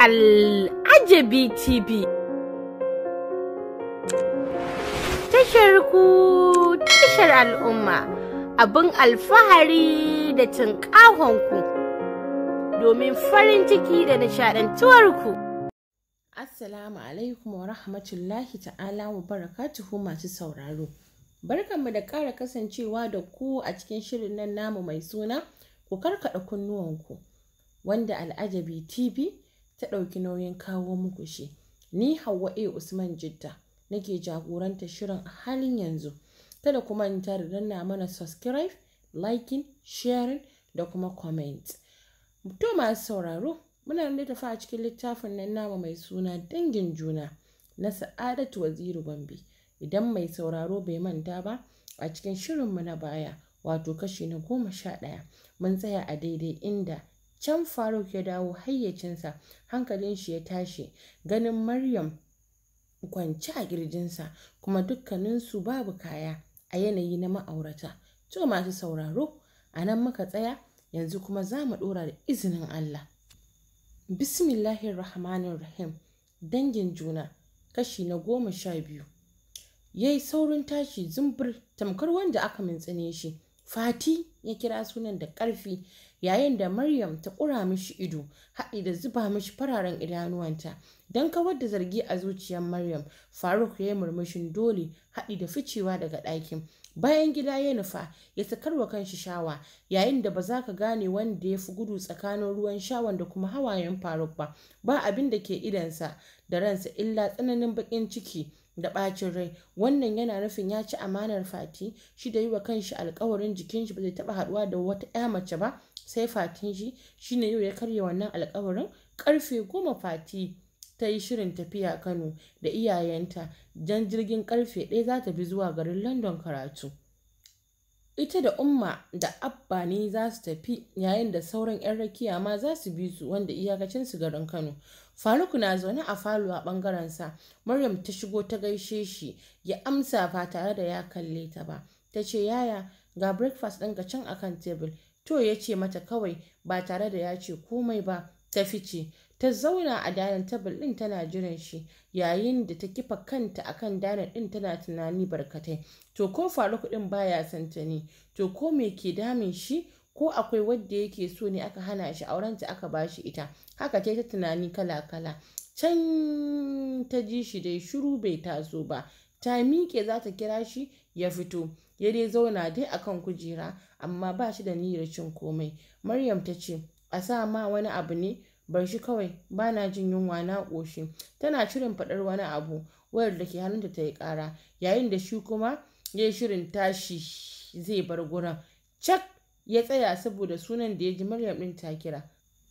Al'ajabi TV. Tashar ku tashar al'umma abin alfahari da ku domin farin ciki da ku. Assalamu alaikum wa rahmatullahi ta'ala wa barakatuhu masu sauraro. Barkanmu da ƙara kasancewa da ku a cikin shirin nan namu mai suna ku karkaɗa kunnuwanku wanda al'ajabi TV ta ɗauki nauyin kawo muku shi. Ni Hauwa A. Usman Jidda nake jagoranta shirin a halin yanzu. Kada kuma manta da danna mana subscribe, liking, sharing da kuma comment. To masu sauraro, muna da tafi a cikin littafin nan namu mai suna dangin juna na Sa'adatu Waziri Gombe. Idan mai sauraro bai manta ba, a cikin shirin mu na baya, wato kashi na goma sha ɗaya, mun tsaya a daidai inda Can Faruk ya dawo hayyacinsa, hankalin shi ya tashi, ganin Maryam kwance a ƙirjinsa kuma dukkaninsu babu kaya a yanayi na ma'aurata. To masu sauraro, a nan muka tsaya, yanzu kuma za mu ɗora da izinin Allah. rahim, dangin juna, kashi na goma sha biyu. Ya yi saurin tashi zumbur tamkar wanda aka mintsine shi. Fati ya kira sunan da ƙarfi yayin da Maryam ta ƙura mishi ido haɗi da zuba mishi fararen idanuwanta don kawar da zargi a zuciyar Maryam Faruk ya yi murmushin dole haɗi da ficewa daga ɗakin bayan gida ya nufa ya wa kanshi shawa yayin da ba za ka gane wanda ya fi gudu tsakanin ruwan shawan da kuma hawayen Faruk ba ba abin da ke idansa da ransa illa tsananin baƙin ciki da ɓacin rai wannan yana nufin ya ci amanar fati shi da yi wa kanshi alkawarin jikin shi ba zai taɓa haɗuwa da wata 'ya mace ba sai fatin shi shine yau ya karya wannan alkawarin karfe goma fati ta yi shirin tafiya kano da iyayenta don jirgin karfe ɗaya za ta bi zuwa garin london karatu ita da umma da abba ne za su tafi yayin da sauran 'yan rakiya ma za su bi su wanda iyakacin su garin kano faruku na zaune a falo a sa maryam ta shigo ta gaishe shi ya amsa ba tare da ya kalle ta ba ta ce yaya ga breakfast ɗin ga can akan tebul to ya ce mata kawai ba tare da ya ce komai ba ta fice ta zauna a danar tabul ɗin tana jiran shi yayin da ta kifa kanta akan danar ɗin tana tunani barkatai to ko faruk ɗin baya son ta ne to ko me ke damin shi ko akwai wadda yake so ne aka hana shi aurenta aka ba shi ita haka ta ta tunani kala kala can ta ji shi dai shiru bai taso ba ta miƙe za ta kira shi ya fito ya dai zauna dai akan kujera amma ba shi da niyyar cin komai maryam ta ce a sa ma wani abu ne bar shi kawai ba na jin yunwa na ƙoshi tana shirin faɗar wani abu wayar da ke hannunta ta yi ƙara yayin da shi kuma ya shirin tashi zai bar gurin cak ya tsaya saboda sunan da ya ji maryam ɗin ta kira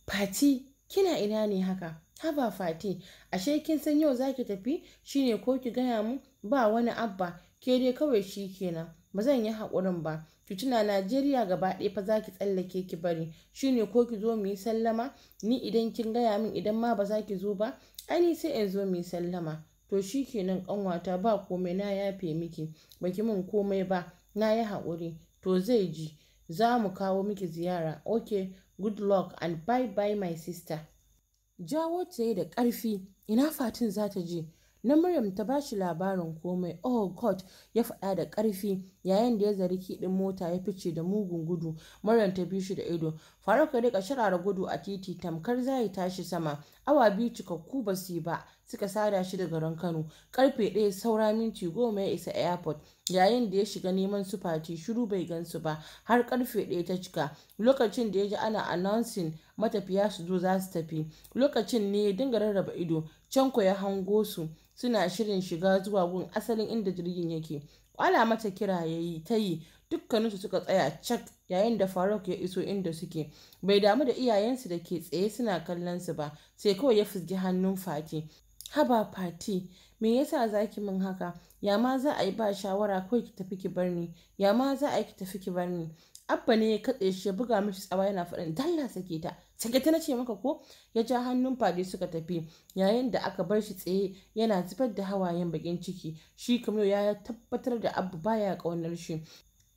fati kina ina ne haka haba fati ashe kin san yau zaki tafi shine ko ki gaya mu ba wani abba ke dai kawai shi kenan ba zan yi haƙurin ba ki tuna najeriya gaba ɗaya fa zaki tsallake ki bari shine ko ki zo mu yi sallama ni idan kin gaya min idan ma ba za ki zo ba ani sai in zo mu yi sallama to shi kenan ƙanwata ba komai na yafe miki baki min komai ba na yi haƙuri to zai ji za mu kawo miki ziyara ok good luck and bye bye my sister. Jawo ta yi da ƙarfi, ina fatin za ta je. Na Maryam ta ba shi labarin komai, oh God, ya faɗa da ƙarfi yayin da ya zari kiɗin mota ya fice da mugun gudu, Maryam ta bi shi da ido. Faruk ya riƙa shirara gudu a titi tamkar za tashi sama, awa biyu cikakku ba su yi ba, suka sada shi da garin Kano. Karfe ɗaya saura minti goma ya isa airport yayin da ya shiga neman su fati shiru bai gansu ba har karfe ɗaya ta cika lokacin da ya ji ana announcing matafiya su zo za su tafi lokacin ne ya dinga rarraba ido can ko ya hango su suna shirin shiga zuwa gun asalin inda jirgin yake kwala mata kira ya yi ta yi dukkaninsu suka tsaya cak yayin da faruk ya iso inda suke bai damu da iyayensu da ke tsaye suna kallon su ba sai kawai ya fusgi hannun fati Haba Fati, me yasa za ki min haka? Ya ma za a yi ba shawara ko ki tafi ki bar ni? Ya ma za a yi ki tafi ki bar ni? Abba ne ya katse shi ya buga mishi tsawa yana faɗin dalla sake ta. Sake ta nace maka ko? Ya ja hannun fadi suka tafi yayin da aka bar shi tsaye yana zubar da hawayen bakin ciki. Shi kamar ya tabbatar da Abba baya kaunar shi.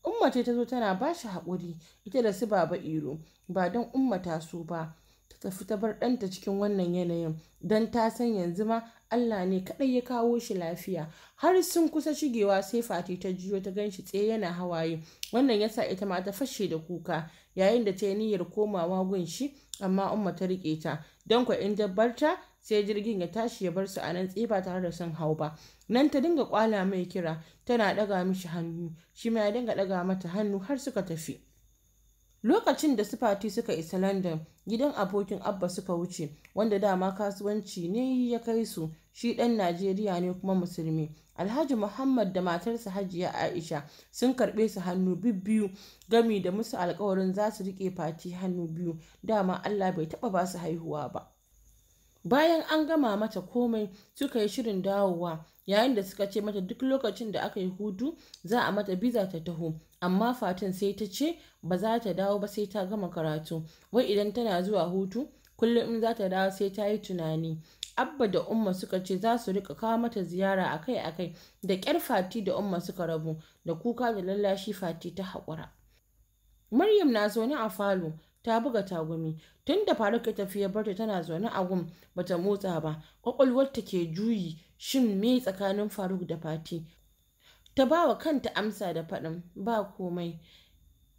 Umma ce ta zo tana ba shi haƙuri ita da su baba Iro ba don Umma ta so ba. ta tafi ta bar ɗanta cikin wannan yanayin don ta san yanzu ma Allah ne kaɗai ya kawo shi lafiya har sun kusa shigewa sai fati ta jiyo ta ganshi tsaye yana hawaye wannan yasa ita ma ta fashe da kuka yayin da ta yi niyyar komawa gun shi amma umma ta rike ta don kwa in ta sai jirgin ya tashi ya bar su a nan tsiba tare da sun hau ba nan ta dinga kwala mai kira tana ɗaga mishi hannu shi ma ya dinga ɗaga mata hannu har suka tafi Lokacin da su Fati suka isa London, gidan abokin Abba suka wuce, wanda dama kasuwanci ne ya kai su, shi ɗan Najeriya ne kuma Musulmi. Alhaji Muhammad da matarsa Hajiya Aisha sun karɓe su hannu biyu gami da musu alkawarin za su riƙe Fati hannu biyu, dama Allah bai taɓa ba su haihuwa ba. Bayan an gama mata komai suka yi shirin dawowa yayin da suka ce mata duk lokacin da aka yi hudu za a mata biza ta taho amma Fatin sai ta ce ba za ta dawo ba sai ta gama karatu wai idan tana zuwa hutu kullum in za ta dawo sai ta yi tunani abba da umma suka ce za su rika kawo mata ziyara akai akai da ƙyar fati da umma suka rabu da kuka da lallashi fati ta haƙura maryam na zaune a falo ta buga tagumi tun da faruk ya tafi ya barta tana zaune a gum bata motsa ba ta ke juyi shin me tsakanin faruk da fati ta ba wa kanta amsa da faɗin ba komai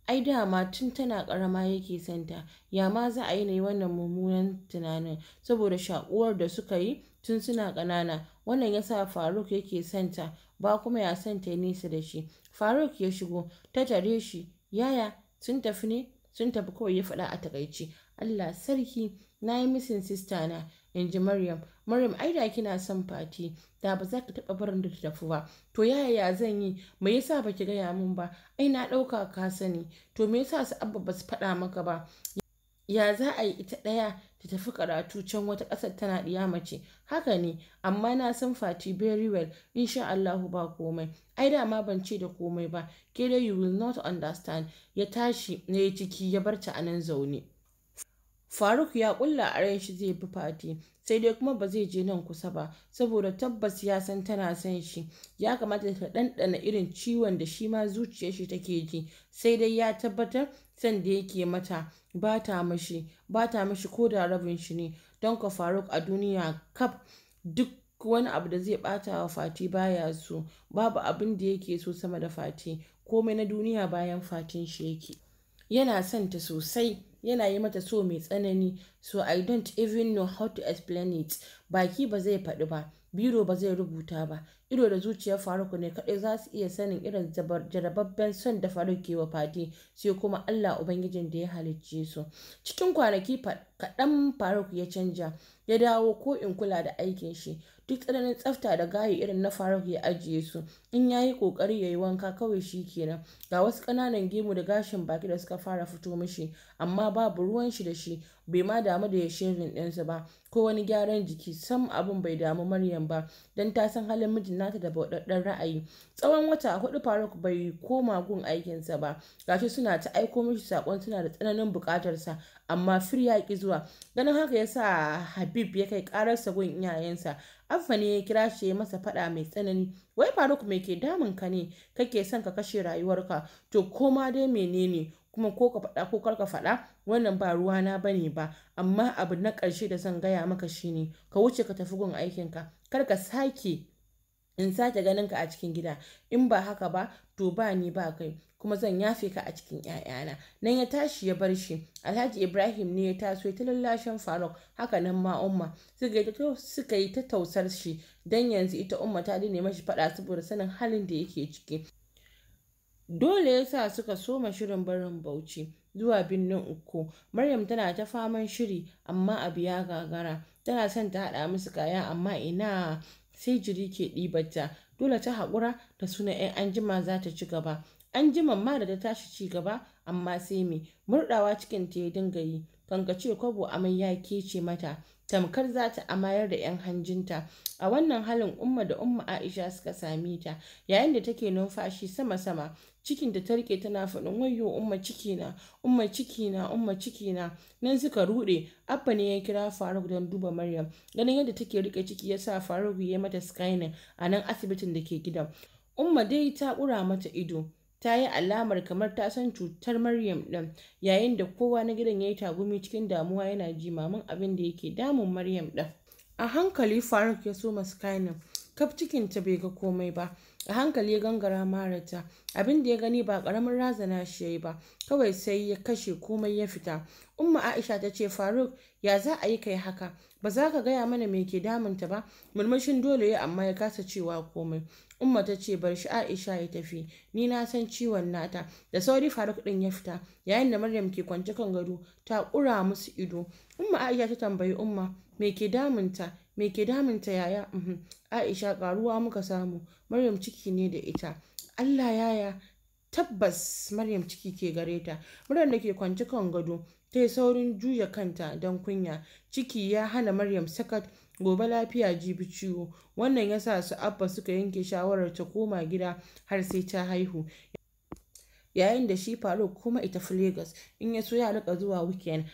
ai dama tun tana ƙarama yake santa ya ma za a yi ne wannan mummunan tunanin saboda shaƙuwar da suka yi tun suna ƙanana wannan ya sa faruk yake santa ba kuma ya santa nesa da shi faruk ya shigo ta tare shi yaya sun tafi ne sun tafi kawai ya faɗa a takaici allah sarki na yi misin sista na in ji Maryam. Maryam ai da kina son fati da ba za ki taɓa barin da ta tafi ba. To yaya zan yi? Me yasa ba ki gaya min ba? Ai na ɗauka ka sani. To me yasa su abba ba su faɗa maka ba? Ya za a yi ita ɗaya ta tafi karatu can wata ƙasar tana ɗiya mace. Haka ne, amma na san fati very well, insha Allah ba komai. Ai da ma ban ce da komai ba, ke dai you will not understand. Ya tashi na ya ciki ya barta anan a nan zaune. Faruk ya kulla a ran shi zai bi Fati sai dai kuma ba zai je nan kusa ba saboda tabbas ya san tana son shi ya kamata ta ɗanɗana irin ciwon da shi ma zuciyar shi take ji sai dai ya tabbatar san da yake mata ba ta mashi ba ta mashi ko da rabin shi ne don ka Faruk a duniya kaf duk wani abu da zai bata wa fati baya so babu abin da yake so sama da fati komai na duniya bayan fatin shi yake yana son ta sosai yana yi mata so mai tsanani so i don't even know how to explain it baki ba zai faɗi ba biro ba zai rubuta ba ido da zuciyar faruku ne kaɗai za su iya sanin irin jarababben son da faruk ke wa fadi sai kuma allah ubangijin da ya halicce su cikin kwanaki kaɗan faruk ya canja ya dawo ko in kula da aikin shi duk tsananin tsafta da gayi irin na faruk ya ajiye su in ya yi kokari ya yi wanka kawai shi kenan ga wasu ƙananan gemu da gashin baki da suka fara fito mishi amma babu ruwan shi da shi bai ma damu da ya shevin ɗinsa ba ko wani gyaran jiki sam abin bai damu maryam ba don ta san halin mijin nata da bauɗaɗɗen ra'ayi tsawon wata hudu faruk bai koma gun aikinsa ba gashi suna ta aiko mishi saƙon suna da tsananin buƙatarsa amma fir ya ki zuwa ganin haka ya sa habib ya kai ƙararsa gun iyayensa Affa ne ya kira shi masa faɗa mai tsanani. Wai Faruk me ke damun ka ne kake son ka kashe rayuwarka to koma dai menene kuma ko ka faɗa ko kar ka faɗa wannan ba ruwana ba ne ba amma abu na ƙarshe da zan gaya maka shine ka wuce ka tafi gun aikinka kar ka sake in sake ganin ka a cikin gida in ba haka ba to ba ni ba kai kuma zan yafe ka a cikin 'ya'yana nan ya tashi ya bar shi alhaji ibrahim ne ya taso ta lallashin faruk haka nan ma umma suka yi ta tausar shi dan yanzu ita umma ta dine mashi faɗa saboda sanin halin da yake ciki dole ya sa suka soma shirin barin bauchi zuwa birnin uku maryam tana ta faman shiri amma abu ya gagara tana son ta haɗa musu kaya amma ina sai jiri ke ɗibarta dole ta haƙura da suna 'yan anjima za ta ci gaba anjiman ma da ta tashi ci gaba amma sai me murɗawa cikin ta ya dinga yi kankace kwabo amai ya kece mata tamkar za ta amayar da 'yan hanjinta a wannan halin umma da umma aisha suka same ta yayin da take numfashi sama-sama cikin da ta rike tana faɗin wayo umma na, umma na, umma na, nan suka ruɗe abba ne ya kira faruk don duba maryam ganin yadda take rike ciki ya sa faruk ya mata skynet a nan asibitin da ke gidan umma dai ta ƙura mata ido ta yi alamar kamar ta san cutar Maryam ɗin yayin da kowa na gidan ya yi tagumi cikin damuwa yana jimamin abin da yake damun Maryam ɗin. A hankali Faruk ya soma maskanin kaf cikinta bai ga komai ba a hankali ya gangara marata abin da ya gani ba ƙaramin razana shi ya yi ba kawai sai ya kashe komai ya fita umma aisha ta ce faruk ya za a yi kai haka ba za ka gaya mana me ke damunta ba murmushin dole ya amma ya kasa cewa komai umma ta ce bar shi aisha ya tafi ni na san ciwon nata da sauri faruk din ya fita yayin da maryam ke kwance kan gado ta kura musu ido umma aisha ta tambayi umma me ke damunta me ke damunta yaya uhm, aisha karuwa muka samu maryam ciki ne da ita allah yaya tabbas maryam ciki ke gare ta muryar da ke kwanci kan gado ta yi saurin juya kanta don kunya ciki ya hana maryam sakat gobe lafiya jibi ciwo wannan ya sa su abba suka yanke shawarar ta koma gida har sai ta haihu yayin da shi faruk kuma ita fi lagos in ya so ya rika zuwa weekend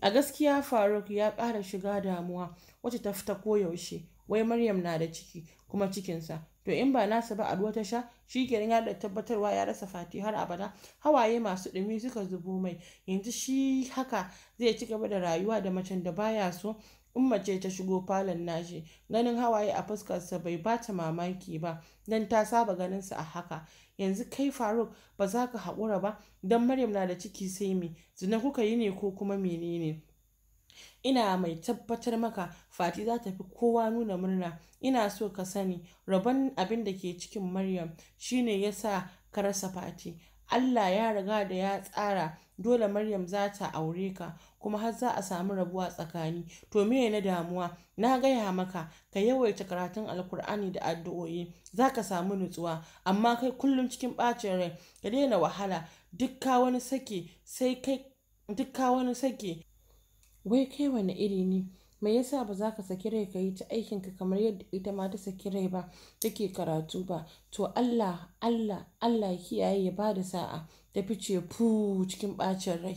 a gaskiya faruk ya ƙara shiga damuwa wacce ta fita koyaushe wai maryam na da ciki kuma cikinsa to in ba nasa ba a ruwa ta sha shi kenan ya da tabbatarwa ya rasa fati har abada hawaye masu dumi suka zubo mai yanzu shi haka zai ci gaba da rayuwa da macen da baya so in mace ta shigo falon nashi ganin hawaye a fuskarsa bai bata mamaki ba don ta saba ganin ganinsa a haka yanzu kai faruk ba za ka haƙura ba don maryam na da ciki sai me zina kuka yi ne ko kuma menene Ina mai tabbatar maka Fati za ta fi kowa nuna murna. Ina so ka sani rabon abin da ke cikin Maryam shine ya sa ka rasa Fati. Allah ya riga da ya tsara dole Maryam za ta aure ka kuma har za a samu rabuwa tsakani. To me na damuwa? Na gaya maka ka yawaita karatun Alkur'ani da addu'o'i za ka samu nutsuwa amma kai kullum cikin ɓacin rai ka daina wahala duk ka wani sake sai kai duk wani sake wai kai wani iri ne mai yasa ba za ka saki rai ka yi ta aikinka kamar yadda ita ma ta saki rai ba take karatu ba to Allah Allah Allah kiyaye ya ba da sa'a ta fice fu cikin bacin rai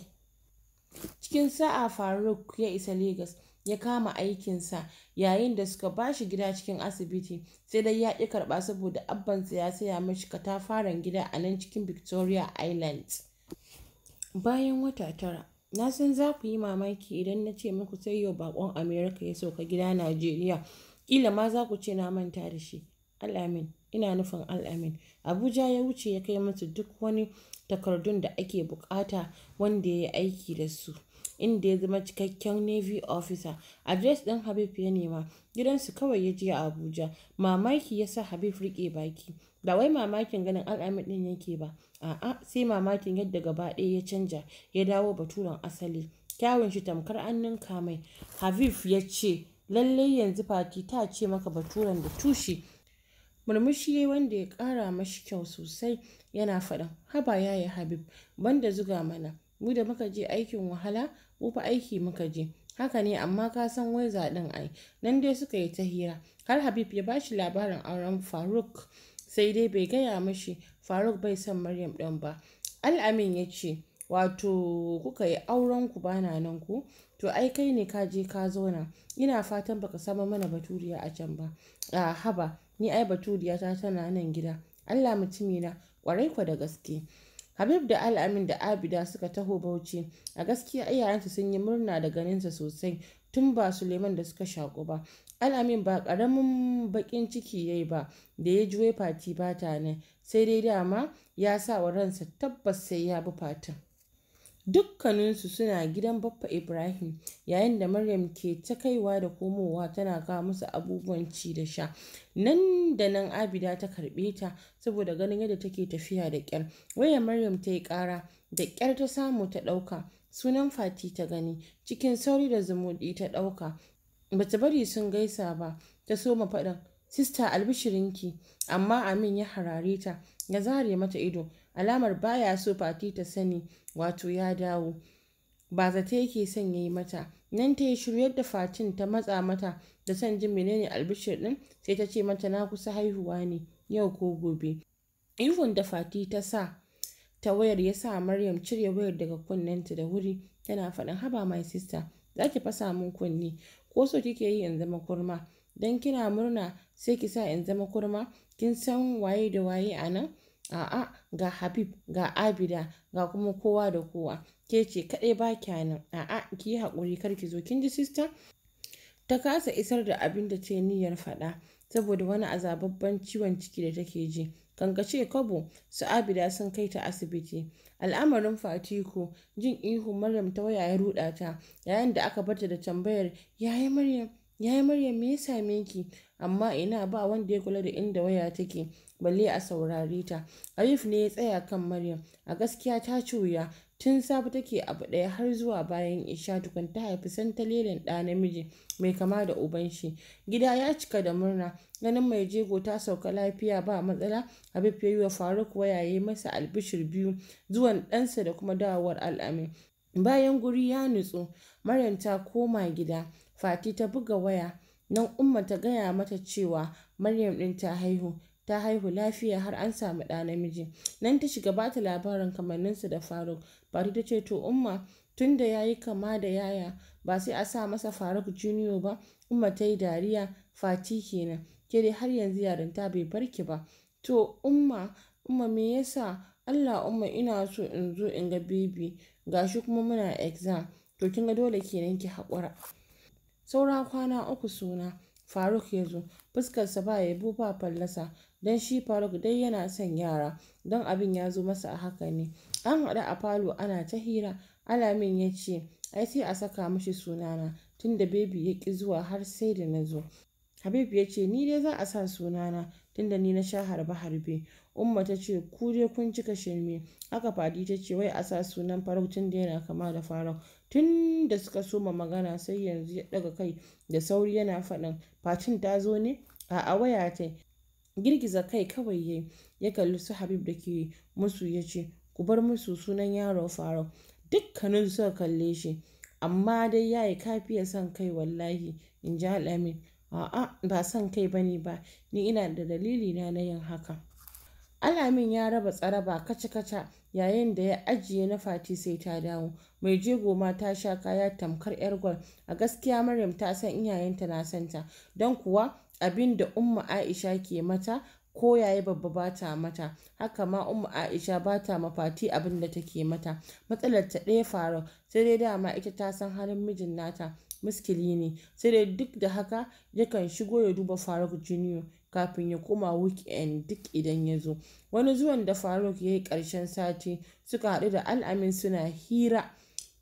cikin sa'a Faruk ya isa Legas ya kama aikinsa yayin da suka ba shi gida cikin asibiti sai dai ya ƙi karɓa saboda abbansa ya saya mashi katafaren gida a nan cikin Victoria Island bayan wata tara Na san za ku yi mamaki idan na ce muku sai yau bakon Amerika ya sauka gida Najeriya, kila ma za ku ce na manta da shi. Al'amin, ina nufin Al'amin. Abuja ya wuce ya kai musu duk wani takardun da ake bukata wanda ya yi aiki da su. Inda ya zama cikakken Navy officer, adres ɗin Habib ya nema, gidansu kawai ya je Abuja, mamaki ya sa Habib rike baki. ba wai mamakin ganin al'ami ɗin yake ba a'a sai mamakin yadda gaba ɗaya ya canja ya dawo baturen asali kyawun shi tamkar an kamai mai habib ya ce lallai yanzu fati ta ce maka baturen da tushe murmushi wanda ya ƙara mashi kyau sosai yana faɗan haba ya yi habib banda zuga mana mu da muka je aikin wahala mu fa aiki muka je haka ne amma ka san wai zaɗin ai nan dai suka yi ta hira har habib ya bashi labarin auren faruk sai dai bai gaya mashi faruk bai son maryam ɗin ba al'amin ya ce wato kuka yi auren ku bana nan ku to ai kai ne ka je ka zauna ina fatan baka samu mana baturiya a can ba a haba ni ai baturiya ta tana nan gida allah mutumina kwarai kwa da gaske Habib da Al'amin da Abida suka taho Bauchi a gaskiya iyayensu sun yi murna da ganinsa sosai tun ba Suleiman da suka shaku ba Alamin ba ƙaramin baƙin ciki ya ba da ya ji wai Fati ba ta nan, sai dai dama ya sa wa ransa tabbas sai ya bi Fatin. Dukkaninsu suna gidan Baffa Ibrahim yayin da Maryam ke ta kaiwa da komowa tana kawo musu abubuwan ci da sha. Nan da nan Abida ta karɓe ta saboda ganin yadda take tafiya da kyar waya Maryam ta yi ƙara da kyar ta samu ta ɗauka. Sunan Fati ta gani cikin sauri da zumuɗi ta ɗauka bata bari sun gaisa ba ta soma faɗin sista albishirinki amma amin ya harare ta ya zare mata ido alamar baya so fati ta sani wato ya dawo ba zata yake son yayi mata nan ta yi shiru yadda fatin ta matsa mata da san jin menene albishir din sai ta ce mata na kusa haihuwa ne yau ko gobe ihun da fati ta sa ta wayar ya sa maryam cire wayar daga kunnenta da wuri tana faɗin haba my sister za ki fasa min kunne ko so kike yi in zama kurma dan kina murna sai ki sa in zama kurma kin san waye da waye a nan a'a ga habib ga abida ga kuma kowa da kowa ke ce kaɗai ba a nan a'a ki yi haƙuri kar ki zo kin ji sista ta kasa isar da abin da ce niyyar faɗa saboda wani azababban ciwon ciki da take ji kankace kobo su abida sun kai ta asibiti al'amarin fatiku jin ihu maryam ta waya ya ruɗa ta yayin da aka barta da tambayar yayi maryam yi Maryam me ya same ki? Amma ina ba wanda ya kula da inda waya take balle a saurare ta. Arif ne ya tsaya kan Maryam. A gaskiya ta cuya tun safe take abu ɗaya har zuwa bayan isha tukun ta haifi santalelin ɗa namiji mai kama da uban shi. Gida ya cika da murna ganin mai jego ta sauka lafiya ba matsala Habib ya yi wa Faruk waya ya yi masa albishir biyu zuwan ɗansa da kuma dawowar al'amin. Bayan guri ya nutsu, Maryam ta koma gida. Fati ta buga waya, nan Umma ta gaya mata cewa Maryam ɗin ta haihu, ta haihu lafiya har an samu ɗa namiji. Nan ta shiga bata labarin kamanninsu da Faruk. Fati ta ce to Umma tunda ya yi kama da yaya ba sai a sa masa Faruk Junior ba, Umma ta yi dariya Fati kenan. Ke dai har yanzu yarinta bai barki ba. To Umma, Umma me yasa Allah Umma ina so in zo in ga baby gashi kuma muna exam. To kin ga dole kenan ki haƙura. sauran kwana uku suna faruk ya zo fuskarsa ba ya yi ba fallasa don shi faruk dai yana son yara don abin ya zo masa a haka ne an haɗu a falo ana ta hira alamin ya ce ai sai a saka mishi sunana tunda bebi ya ƙi zuwa har sai da na zo habib ya ce ni dai za a sa sunana tunda ni na sha harbe harbe umma ta ce ku dai kun cika shirme haka fadi ta ce wai a sa sunan faruk tunda yana kama da faruk tun da suka soma magana sai yanzu ya ɗaga kai da sauri yana faɗin fatin ta zo ne a waya ta girgiza kai kawai yayi ya kalli su habib da ke musu ya ce ku bar musu sunan yaron faro dukkanin suka kalle shi amma dai ya yi kafiya son kai wallahi in ji a'a ba son kai bane ba ni ina da dalili na yin haka Alamin ya raba tsaraba kaca-kaca yayin da ya ajiye na Fati sai ta dawo, mai jego ma ta sha kaya tamkar 'yar gwal, a gaskiya Maryam ta san iyayenta na santa don kuwa abin da Umma Aisha ke mata ko yayi babba ba ta mata, haka ma Umma Aisha ba ta ma Fati abin da take mata, matsalar ta ɗaya Faruk, sai dai dama ita ta san halin mijin nata, muskili ne, sai dai duk da haka yakan shigo ya duba Faruk Junior kafin ya koma weekend duk idan ya zo. Wani zuwan da Faruk ya yi ƙarshen sati suka haɗu da al'amin suna hira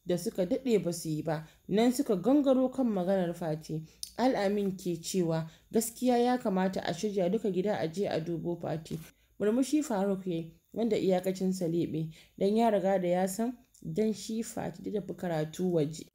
da suka daɗe ba su yi ba. Nan suka gangaro kan maganar Fati. Al'amin ke cewa gaskiya ya kamata a shirya duka gida a je a dubo Fati. Murmushi Faruk ya yi wanda iyakacin leɓe don ya riga da ya san don shi Fati da tafi karatu waje.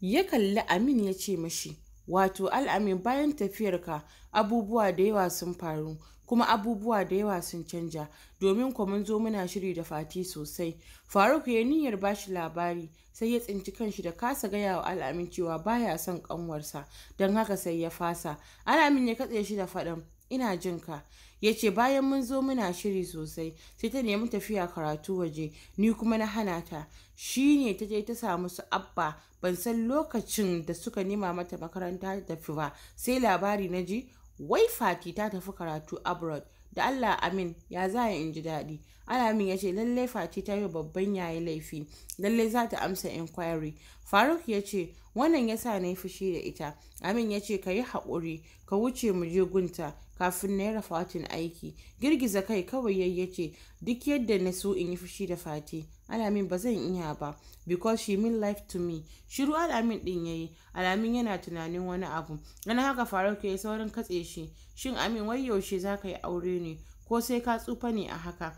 Ya kalli Amin ya ce mashi Wato, al'amin bayan tafiyarka, abubuwa da yawa sun faru. kuma abubuwa da yawa sun canja domin kuwa mun zo muna shiri da fati sosai faruk ya niyyar bashi labari sai ya tsinci kanshi da kasa gaya wa al'amin cewa baya son kanwarsa don haka sai ya fasa al'amin ya katse shi da faɗin ina jin ka ya ce bayan mun zo muna shiri sosai sai ta nemi tafiya karatu waje ni kuma na hana ta shi ne ta je ta samu su abba ban san lokacin da suka nema mata makaranta tafi ba sai labari na ji wai fati ta tafi karatu abroad da allah amin ya za in ji daɗi alamin ya ce lalle fati ta yi babban yayi laifi lalle za ta amsa inquiry faruk ya ce wannan ya sa na yi fushi da ita amin ya ce ka yi haƙuri ka wuce mu je gunta kafin naira fatin aiki girgiza kai kawai ya ce duk yadda na so in yi fushi da fati alamin ba zan iya ba because she mean life to me shiru alamin din yayi alamin yana tunanin wani abu ana haka faruk ya yi saurin katse shi shin amin wai yaushe za ka yi aure ne ko sai ka tsufa ne a haka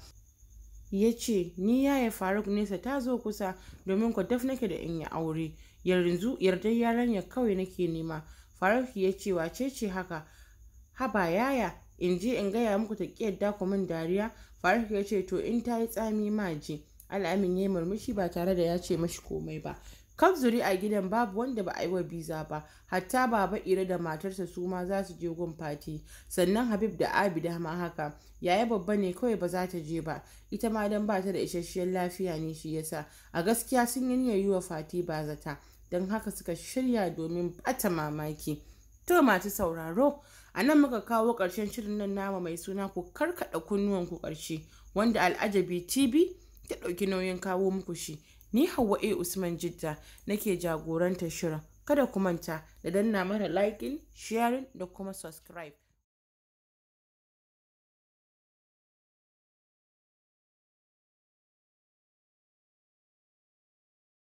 ya ce ni yaya faruk nesa ta zo kusa domin ku daf nake da in yi aure yanzu yardar ya kawai nake nema faruk ya ce wace ce haka haba yaya in je in gaya muku ta ƙiyar dakumin min dariya faruk ya ce to in ta yi tsami ma je al'amin ya yi murmushi ba tare da ya ce mashi komai ba kaf zuri a gidan babu wanda ba a yi wa biza ba hatta baba ira da matarsa su ma za su je gun fati sannan habib da Abi da ma haka yaya babba ne kawai ba za ta je ba ita ma dan ba ta da isasshiyar lafiya ne shi yasa a gaskiya sun yi niyyar yi wa fati ba zata don haka suka shirya domin bata mamaki to masu sauraro a nan muka kawo ƙarshen shirin nan nama mai suna ku karkaɗa kunnuwanku ƙarshe wanda al'ajabi tv ta ɗauki nauyin kawo muku shi Ni Hauwa A Usman Jidda nake jagorantar shirin. Kada ku manta da danna mana liking, sharing da kuma subscribe.